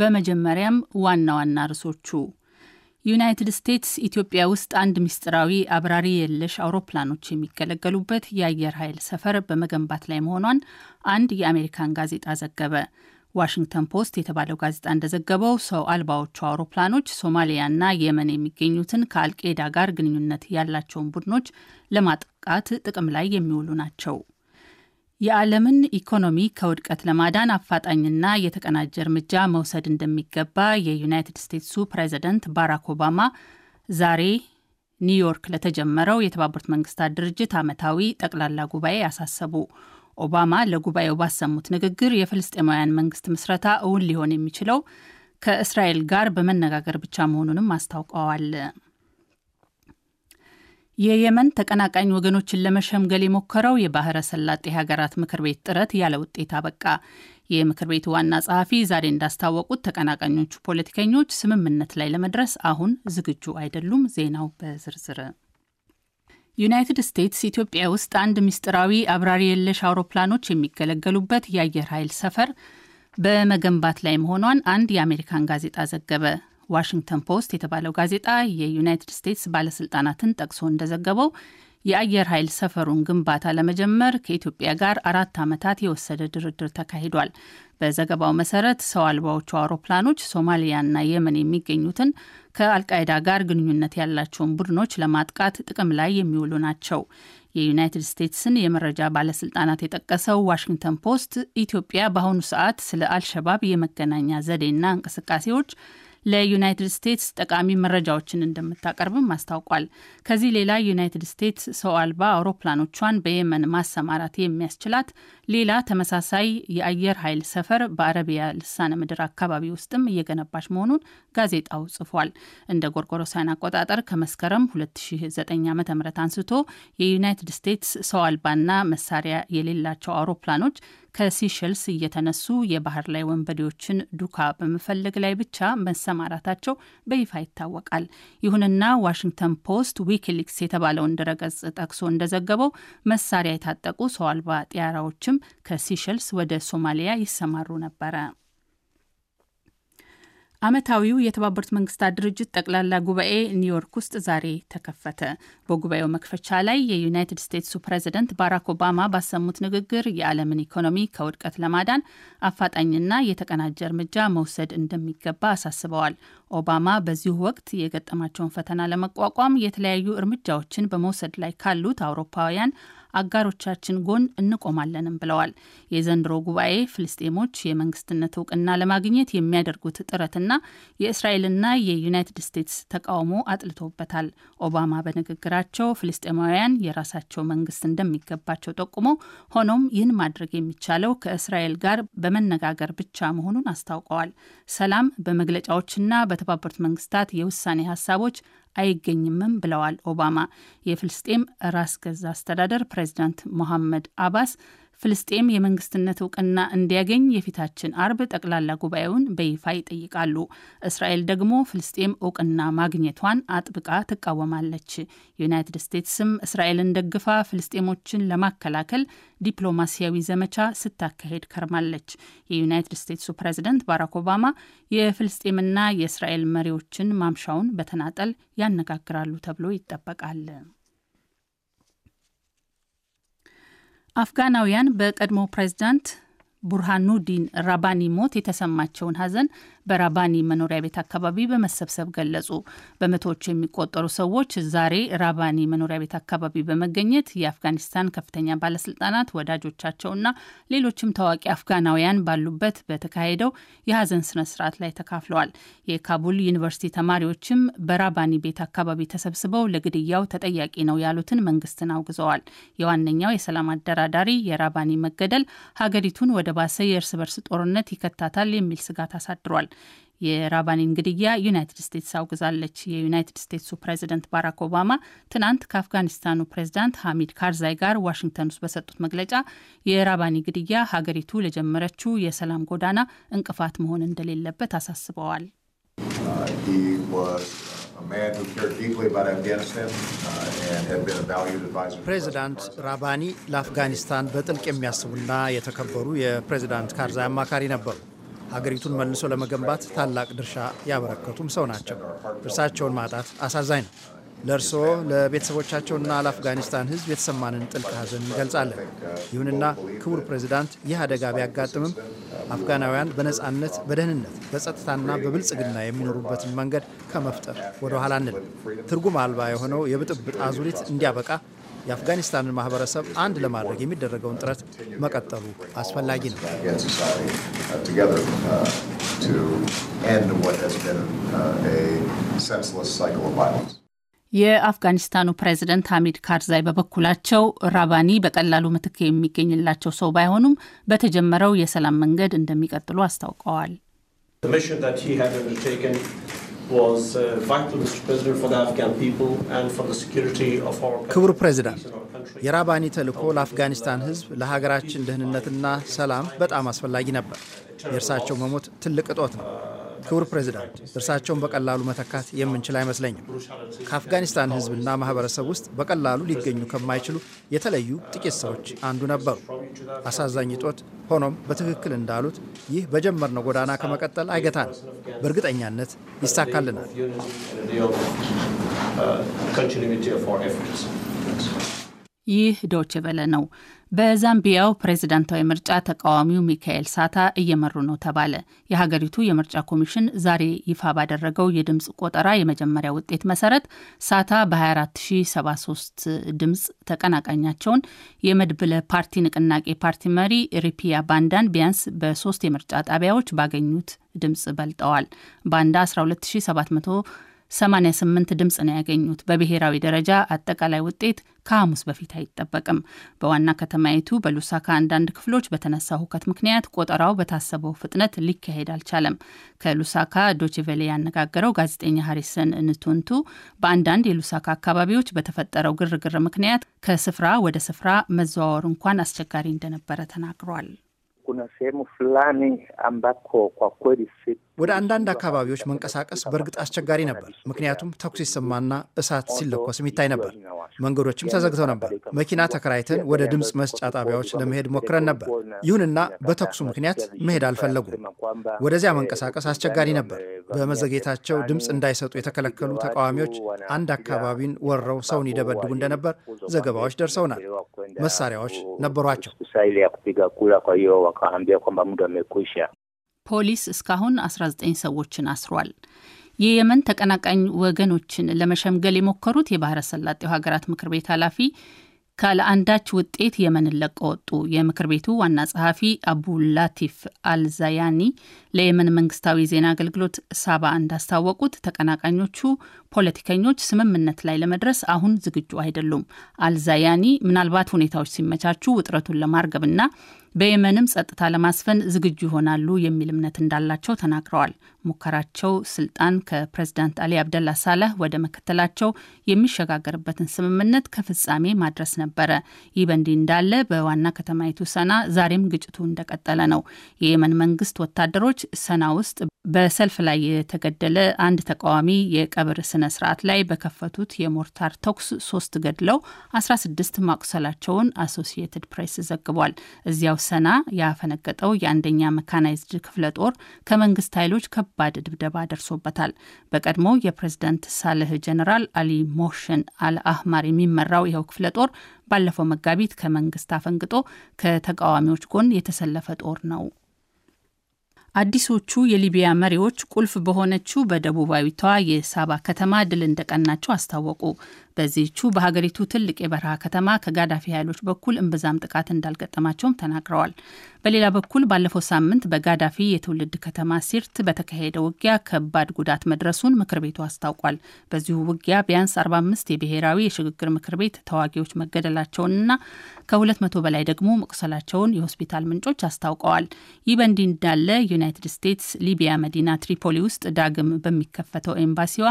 በመጀመሪያም ዋና ዋና ርዕሶቹ ዩናይትድ ስቴትስ ኢትዮጵያ ውስጥ አንድ ምስጢራዊ አብራሪ የለሽ አውሮፕላኖች የሚገለገሉበት የአየር ኃይል ሰፈር በመገንባት ላይ መሆኗን አንድ የአሜሪካን ጋዜጣ ዘገበ። ዋሽንግተን ፖስት የተባለው ጋዜጣ እንደዘገበው ሰው አልባዎቹ አውሮፕላኖች ሶማሊያና የመን የሚገኙትን ከአልቄዳ ጋር ግንኙነት ያላቸውን ቡድኖች ለማጥቃት ጥቅም ላይ የሚውሉ ናቸው። የዓለምን ኢኮኖሚ ከውድቀት ለማዳን አፋጣኝና የተቀናጀ እርምጃ መውሰድ እንደሚገባ የዩናይትድ ስቴትሱ ፕሬዚደንት ባራክ ኦባማ ዛሬ ኒውዮርክ ለተጀመረው የተባበሩት መንግስታት ድርጅት ዓመታዊ ጠቅላላ ጉባኤ አሳሰቡ። ኦባማ ለጉባኤው ባሰሙት ንግግር የፍልስጤማውያን መንግስት ምስረታ እውን ሊሆን የሚችለው ከእስራኤል ጋር በመነጋገር ብቻ መሆኑንም አስታውቀዋል። የየመን ተቀናቃኝ ወገኖችን ለመሸምገል የሞከረው የባህረ ሰላጤ ሀገራት ምክር ቤት ጥረት ያለ ውጤት አበቃ። የምክር ቤቱ ዋና ጸሐፊ ዛሬ እንዳስታወቁት ተቀናቃኞቹ ፖለቲከኞች ስምምነት ላይ ለመድረስ አሁን ዝግጁ አይደሉም። ዜናው በዝርዝር ዩናይትድ ስቴትስ ኢትዮጵያ ውስጥ አንድ ምስጢራዊ አብራሪ የለሽ አውሮፕላኖች የሚገለገሉበት የአየር ኃይል ሰፈር በመገንባት ላይ መሆኗን አንድ የአሜሪካን ጋዜጣ ዘገበ። ዋሽንግተን ፖስት የተባለው ጋዜጣ የዩናይትድ ስቴትስ ባለስልጣናትን ጠቅሶ እንደዘገበው የአየር ኃይል ሰፈሩን ግንባታ ለመጀመር ከኢትዮጵያ ጋር አራት ዓመታት የወሰደ ድርድር ተካሂዷል። በዘገባው መሰረት ሰው አልባዎቹ አውሮፕላኖች ሶማሊያና የመን የሚገኙትን ከአልቃይዳ ጋር ግንኙነት ያላቸውን ቡድኖች ለማጥቃት ጥቅም ላይ የሚውሉ ናቸው። የዩናይትድ ስቴትስን የመረጃ ባለስልጣናት የጠቀሰው ዋሽንግተን ፖስት ኢትዮጵያ በአሁኑ ሰዓት ስለ አልሸባብ የመገናኛ ዘዴና እንቅስቃሴዎች ለዩናይትድ ስቴትስ ጠቃሚ መረጃዎችን እንደምታቀርብም አስታውቋል። ከዚህ ሌላ ዩናይትድ ስቴትስ ሰው አልባ አውሮፕላኖቿን በየመን ማሰማራት የሚያስችላት ሌላ ተመሳሳይ የአየር ኃይል ሰፈር በአረቢያ ልሳነ ምድር አካባቢ ውስጥም እየገነባች መሆኑን ጋዜጣው ጽፏል። እንደ ጎርጎሮሳውያን አቆጣጠር ከመስከረም 2009 ዓ ም አንስቶ የዩናይትድ ስቴትስ ሰው አልባና መሳሪያ የሌላቸው አውሮፕላኖች ከሲሸልስ እየተነሱ የባህር ላይ ወንበዴዎችን ዱካ በመፈለግ ላይ ብቻ መሰማራታቸው በይፋ ይታወቃል። ይሁንና ዋሽንግተን ፖስት ዊኪሊክስ የተባለውን ድረገጽ ጠቅሶ እንደዘገበው መሳሪያ የታጠቁ ሰው አልባ ጢያራዎችም ከሲሸልስ ወደ ሶማሊያ ይሰማሩ ነበረ። ዓመታዊው የተባበሩት መንግስታት ድርጅት ጠቅላላ ጉባኤ ኒውዮርክ ውስጥ ዛሬ ተከፈተ። በጉባኤው መክፈቻ ላይ የዩናይትድ ስቴትሱ ፕሬዝደንት ባራክ ኦባማ ባሰሙት ንግግር የዓለምን ኢኮኖሚ ከውድቀት ለማዳን አፋጣኝና የተቀናጀ እርምጃ መውሰድ እንደሚገባ አሳስበዋል። ኦባማ በዚሁ ወቅት የገጠማቸውን ፈተና ለመቋቋም የተለያዩ እርምጃዎችን በመውሰድ ላይ ካሉት አውሮፓውያን አጋሮቻችን ጎን እንቆማለንም ብለዋል። የዘንድሮ ጉባኤ ፍልስጤሞች የመንግስትነት እውቅና ለማግኘት የሚያደርጉት ጥረትና የእስራኤልና የዩናይትድ ስቴትስ ተቃውሞ አጥልቶበታል። ኦባማ በንግግራቸው ፍልስጤማውያን የራሳቸው መንግስት እንደሚገባቸው ጠቁሞ ሆኖም ይህን ማድረግ የሚቻለው ከእስራኤል ጋር በመነጋገር ብቻ መሆኑን አስታውቀዋል። ሰላም በመግለጫዎችና በተባበሩት መንግስታት የውሳኔ ሀሳቦች አይገኝምም ብለዋል ኦባማ። የፍልስጤም ራስ ገዝ አስተዳደር ፕሬዚዳንት ሞሐመድ አባስ ፍልስጤም የመንግስትነት እውቅና እንዲያገኝ የፊታችን አርብ ጠቅላላ ጉባኤውን በይፋ ይጠይቃሉ። እስራኤል ደግሞ ፍልስጤም እውቅና ማግኘቷን አጥብቃ ትቃወማለች። ዩናይትድ ስቴትስም እስራኤልን ደግፋ ፍልስጤሞችን ለማከላከል ዲፕሎማሲያዊ ዘመቻ ስታካሄድ ከርማለች። የዩናይትድ ስቴትሱ ፕሬዝደንት ባራክ ኦባማ የፍልስጤምና የእስራኤል መሪዎችን ማምሻውን በተናጠል ያነጋግራሉ ተብሎ ይጠበቃል። አፍጋናውያን በቀድሞ ፕሬዝዳንት ቡርሃኑዲን ራባኒ ሞት የተሰማቸውን ሀዘን በራባኒ መኖሪያ ቤት አካባቢ በመሰብሰብ ገለጹ። በመቶዎች የሚቆጠሩ ሰዎች ዛሬ ራባኒ መኖሪያ ቤት አካባቢ በመገኘት የአፍጋኒስታን ከፍተኛ ባለስልጣናት፣ ወዳጆቻቸውና ሌሎችም ታዋቂ አፍጋናውያን ባሉበት በተካሄደው የሀዘን ስነስርዓት ላይ ተካፍለዋል። የካቡል ዩኒቨርሲቲ ተማሪዎችም በራባኒ ቤት አካባቢ ተሰብስበው ለግድያው ተጠያቂ ነው ያሉትን መንግስትን አውግዘዋል። የዋነኛው የሰላም አደራዳሪ የራባኒ መገደል ሀገሪቱን ወደ ባሰ የእርስ በርስ ጦርነት ይከታታል የሚል ስጋት አሳድሯል። የራባኒን ግድያ ዩናይትድ ስቴትስ አውግዛለች። የዩናይትድ ስቴትሱ ፕሬዚደንት ባራክ ኦባማ ትናንት ከአፍጋኒስታኑ ፕሬዚዳንት ሐሚድ ካርዛይ ጋር ዋሽንግተን ውስጥ በሰጡት መግለጫ የራባኒ ግድያ ሀገሪቱ ለጀመረችው የሰላም ጎዳና እንቅፋት መሆን እንደሌለበት አሳስበዋል። ፕሬዚዳንት ራባኒ ለአፍጋኒስታን በጥልቅ የሚያስቡና የተከበሩ የፕሬዚዳንት ካርዛይ አማካሪ ነበሩ። ሀገሪቱን መልሶ ለመገንባት ታላቅ ድርሻ ያበረከቱም ሰው ናቸው። እርሳቸውን ማጣት አሳዛኝ ነው። ለእርስዎ ለቤተሰቦቻቸውና ለአፍጋኒስታን ሕዝብ የተሰማንን ጥልቅ ሐዘን እንገልጻለን። ይሁንና ክቡር ፕሬዚዳንት፣ ይህ አደጋ ቢያጋጥምም አፍጋናውያን በነፃነት፣ በደህንነት፣ በጸጥታና በብልጽግና የሚኖሩበትን መንገድ ከመፍጠር ወደ ኋላ አንልም። ትርጉም አልባ የሆነው የብጥብጥ አዙሪት እንዲያበቃ የአፍጋኒስታንን ማህበረሰብ አንድ ለማድረግ የሚደረገውን ጥረት መቀጠሉ አስፈላጊ ነው። የአፍጋኒስታኑ ፕሬዝደንት ሐሚድ ካርዛይ በበኩላቸው ራባኒ በቀላሉ ምትክ የሚገኝላቸው ሰው ባይሆኑም በተጀመረው የሰላም መንገድ እንደሚቀጥሉ አስታውቀዋል። Uh, ክቡር ፕሬዚዳንት፣ የራባኒ ተልኮ ለአፍጋኒስታን ሕዝብ ለሀገራችን ደህንነትና ሰላም በጣም አስፈላጊ ነበር። የእርሳቸው መሞት ትልቅ እጦት ነው። ክቡር ፕሬዚዳንት፣ እርሳቸውን በቀላሉ መተካት የምንችል አይመስለኝም። ከአፍጋኒስታን ሕዝብና ማህበረሰብ ውስጥ በቀላሉ ሊገኙ ከማይችሉ የተለዩ ጥቂት ሰዎች አንዱ ነበሩ። አሳዛኝ ጦት። ሆኖም በትክክል እንዳሉት ይህ በጀመርነው ጎዳና ከመቀጠል አይገታል በእርግጠኛነት ይሳካልናል። ይህ ዶች ነው። በዛምቢያው ፕሬዝዳንታዊ ምርጫ ተቃዋሚው ሚካኤል ሳታ እየመሩ ነው ተባለ። የሀገሪቱ የምርጫ ኮሚሽን ዛሬ ይፋ ባደረገው የድምፅ ቆጠራ የመጀመሪያ ውጤት መሰረት ሳታ በ 2473 ድምፅ ተቀናቃኛቸውን የመድብለ ፓርቲ ንቅናቄ ፓርቲ መሪ ሪፒያ ባንዳን ቢያንስ በሶስት የምርጫ ጣቢያዎች ባገኙት ድምፅ በልጠዋል። ባንዳ 12700 88 ድምፅ ነው ያገኙት። በብሔራዊ ደረጃ አጠቃላይ ውጤት ከሐሙስ በፊት አይጠበቅም። በዋና ከተማይቱ በሉሳካ አንዳንድ ክፍሎች በተነሳ ሁከት ምክንያት ቆጠራው በታሰበው ፍጥነት ሊካሄድ አልቻለም። ከሉሳካ ዶችቬሌ ያነጋገረው ጋዜጠኛ ሀሪሰን ንቱንቱ በአንዳንድ የሉሳካ አካባቢዎች በተፈጠረው ግርግር ምክንያት ከስፍራ ወደ ስፍራ መዘዋወር እንኳን አስቸጋሪ እንደነበረ ተናግሯል። ወደ አንዳንድ አካባቢዎች መንቀሳቀስ በእርግጥ አስቸጋሪ ነበር፣ ምክንያቱም ተኩስ ይሰማና እሳት ሲለኮስም ይታይ ነበር። መንገዶችም ተዘግተው ነበር። መኪና ተከራይተን ወደ ድምፅ መስጫ ጣቢያዎች ለመሄድ ሞክረን ነበር። ይሁንና በተኩሱ ምክንያት መሄድ አልፈለጉም። ወደዚያ መንቀሳቀስ አስቸጋሪ ነበር። በመዘግየታቸው ድምፅ እንዳይሰጡ የተከለከሉ ተቃዋሚዎች አንድ አካባቢን ወረው ሰውን ይደበድቡ እንደነበር ዘገባዎች ደርሰውናል። መሳሪያዎች ነበሯቸው። ፖሊስ እስካሁን 19 ሰዎችን አስሯል። የየመን ተቀናቃኝ ወገኖችን ለመሸምገል የሞከሩት የባህረ ሰላጤው ሀገራት ምክር ቤት ኃላፊ ካለአንዳች ውጤት የመንን ለቀው ወጡ። የምክር ቤቱ ዋና ጸሐፊ አቡላቲፍ አልዛያኒ ለየመን መንግስታዊ ዜና አገልግሎት ሳባ እንዳስታወቁት ተቀናቃኞቹ ፖለቲከኞች ስምምነት ላይ ለመድረስ አሁን ዝግጁ አይደሉም። አልዛያኒ ምናልባት ሁኔታዎች ሲመቻቹ ውጥረቱን ለማርገብና በየመንም ጸጥታ ለማስፈን ዝግጁ ይሆናሉ የሚል እምነት እንዳላቸው ተናግረዋል። ሙከራቸው ስልጣን ከፕሬዝዳንት አሊ አብደላ ሳለህ ወደ ምክትላቸው የሚሸጋገርበትን ስምምነት ከፍጻሜ ማድረስ ነበረ። ይህ በእንዲህ እንዳለ በዋና ከተማይቱ ሰና ዛሬም ግጭቱ እንደቀጠለ ነው። የየመን መንግስት ወታደሮች ሰና ውስጥ በሰልፍ ላይ የተገደለ አንድ ተቃዋሚ የቀብር ስነ ስነ ስርዓት ላይ በከፈቱት የሞርታር ተኩስ ሶስት ገድለው 16 ማቁሰላቸውን አሶሲየትድ ፕሬስ ዘግቧል። እዚያው ሰና ያፈነገጠው የአንደኛ መካናይዝድ ክፍለ ጦር ከመንግስት ኃይሎች ከባድ ድብደባ ደርሶበታል። በቀድሞ የፕሬዝደንት ሳልህ ጀኔራል አሊ ሞሽን አልአህማር የሚመራው ይኸው ክፍለ ጦር ባለፈው መጋቢት ከመንግስት አፈንግጦ ከተቃዋሚዎች ጎን የተሰለፈ ጦር ነው። አዲሶቹ የሊቢያ መሪዎች ቁልፍ በሆነችው በደቡባዊቷ የሳባ ከተማ ድል እንደቀናቸው አስታወቁ። በዚቹ በሀገሪቱ ትልቅ የበረሃ ከተማ ከጋዳፊ ኃይሎች በኩል እምብዛም ጥቃት እንዳልገጠማቸውም ተናግረዋል። በሌላ በኩል ባለፈው ሳምንት በጋዳፊ የትውልድ ከተማ ሲርት በተካሄደ ውጊያ ከባድ ጉዳት መድረሱን ምክር ቤቱ አስታውቋል። በዚሁ ውጊያ ቢያንስ 45 የብሔራዊ የሽግግር ምክር ቤት ተዋጊዎች መገደላቸውንና ከ200 በላይ ደግሞ መቁሰላቸውን የሆስፒታል ምንጮች አስታውቀዋል። ይህ በእንዲህ እንዳለ ዩናይትድ ስቴትስ ሊቢያ መዲና ትሪፖሊ ውስጥ ዳግም በሚከፈተው ኤምባሲዋ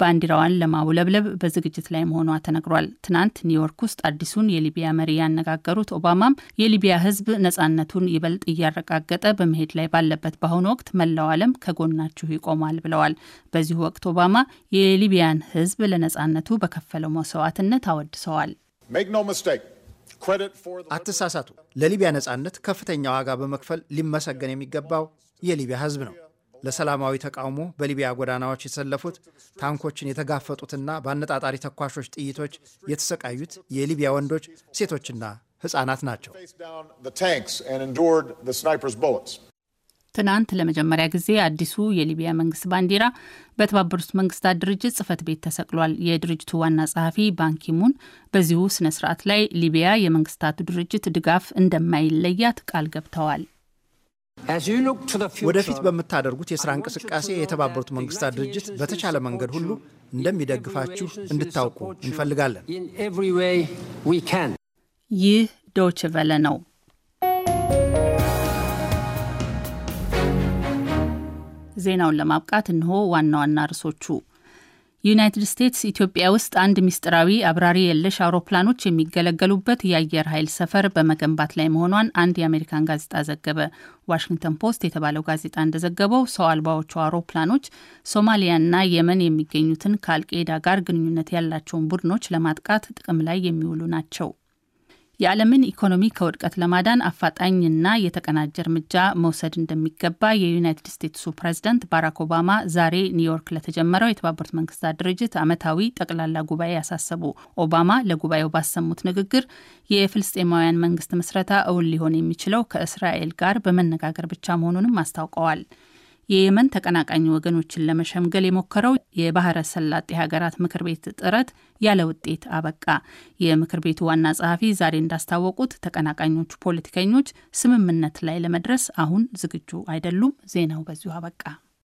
ባንዲራዋን ለማውለብለብ በዝግጅት ላይ መሆኗ ተነግሯል። ትናንት ኒውዮርክ ውስጥ አዲሱን የሊቢያ መሪ ያነጋገሩት ኦባማም የሊቢያ ሕዝብ ነጻነቱን ይበልጥ እያረጋገጠ በመሄድ ላይ ባለበት በአሁኑ ወቅት መላው ዓለም ከጎናችሁ ይቆማል ብለዋል። በዚሁ ወቅት ኦባማ የሊቢያን ሕዝብ ለነጻነቱ በከፈለው መስዋዕትነት አወድሰዋል። አትሳሳቱ፣ ለሊቢያ ነጻነት ከፍተኛ ዋጋ በመክፈል ሊመሰገን የሚገባው የሊቢያ ሕዝብ ነው። ለሰላማዊ ተቃውሞ በሊቢያ ጎዳናዎች የተሰለፉት ታንኮችን የተጋፈጡትና በአነጣጣሪ ተኳሾች ጥይቶች የተሰቃዩት የሊቢያ ወንዶች፣ ሴቶችና ህጻናት ናቸው። ትናንት ለመጀመሪያ ጊዜ አዲሱ የሊቢያ መንግስት ባንዲራ በተባበሩት መንግስታት ድርጅት ጽህፈት ቤት ተሰቅሏል። የድርጅቱ ዋና ጸሐፊ ባንኪሙን በዚሁ ስነ ስርዓት ላይ ሊቢያ የመንግስታቱ ድርጅት ድጋፍ እንደማይለያት ቃል ገብተዋል። ወደፊት በምታደርጉት የስራ እንቅስቃሴ የተባበሩት መንግስታት ድርጅት በተቻለ መንገድ ሁሉ እንደሚደግፋችሁ እንድታውቁ እንፈልጋለን። ይህ ዶች ቨለ ነው። ዜናውን ለማብቃት እንሆ ዋና ዋና ርዕሶቹ ዩናይትድ ስቴትስ ኢትዮጵያ ውስጥ አንድ ሚስጥራዊ አብራሪ የለሽ አውሮፕላኖች የሚገለገሉበት የአየር ኃይል ሰፈር በመገንባት ላይ መሆኗን አንድ የአሜሪካን ጋዜጣ ዘገበ። ዋሽንግተን ፖስት የተባለው ጋዜጣ እንደዘገበው ሰው አልባዎቹ አውሮፕላኖች ሶማሊያና የመን የሚገኙትን ከአልቄዳ ጋር ግንኙነት ያላቸውን ቡድኖች ለማጥቃት ጥቅም ላይ የሚውሉ ናቸው። የዓለምን ኢኮኖሚ ከውድቀት ለማዳን አፋጣኝና የተቀናጀ እርምጃ መውሰድ እንደሚገባ የዩናይትድ ስቴትሱ ፕሬዝደንት ባራክ ኦባማ ዛሬ ኒውዮርክ ለተጀመረው የተባበሩት መንግስታት ድርጅት ዓመታዊ ጠቅላላ ጉባኤ ያሳሰቡ። ኦባማ ለጉባኤው ባሰሙት ንግግር የፍልስጤማውያን መንግስት ምስረታ እውን ሊሆን የሚችለው ከእስራኤል ጋር በመነጋገር ብቻ መሆኑንም አስታውቀዋል። የየመን ተቀናቃኝ ወገኖችን ለመሸምገል የሞከረው የባህረ ሰላጤ ሀገራት ምክር ቤት ጥረት ያለ ውጤት አበቃ። የምክር ቤቱ ዋና ጸሐፊ ዛሬ እንዳስታወቁት ተቀናቃኞቹ ፖለቲከኞች ስምምነት ላይ ለመድረስ አሁን ዝግጁ አይደሉም። ዜናው በዚሁ አበቃ።